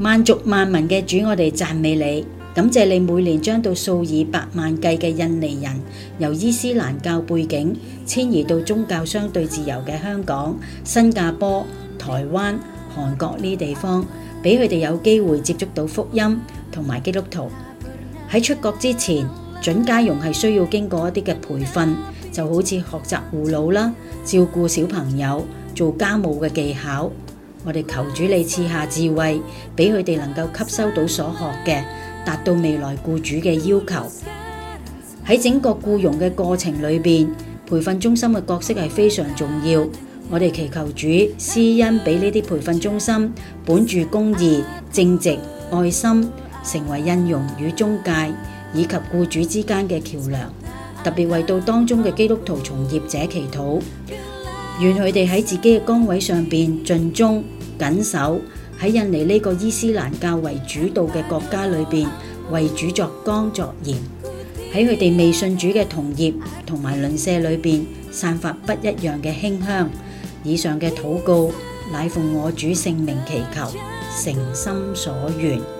萬族萬民嘅主，我哋讚美你，感謝你每年將到數以百萬計嘅印尼人由伊斯蘭教背景遷移到宗教相對自由嘅香港、新加坡、台灣、韓國呢啲地方，俾佢哋有機會接觸到福音同埋基督徒。喺出國之前，準家傭係需要經過一啲嘅培訓，就好似學習護老啦、照顧小朋友、做家務嘅技巧。我哋求主你賜下智慧，畀佢哋能夠吸收到所學嘅，達到未來僱主嘅要求。喺整個僱傭嘅過程裏面，培訓中心嘅角色係非常重要。我哋祈求主施恩畀呢啲培訓中心，本住公義、正直、愛心，成為印傭與中介以及僱主之間嘅橋樑。特別為到當中嘅基督徒從業者祈禱。願佢哋喺自己嘅崗位上面盡忠謹守，喺印尼呢個伊斯蘭教為主導嘅國家裏面為主作光作鹽。喺佢哋未信主嘅同業同埋鄰舍裏面，散發不一樣嘅馨香。以上嘅禱告，乃奉我主聖名祈求，誠心所願。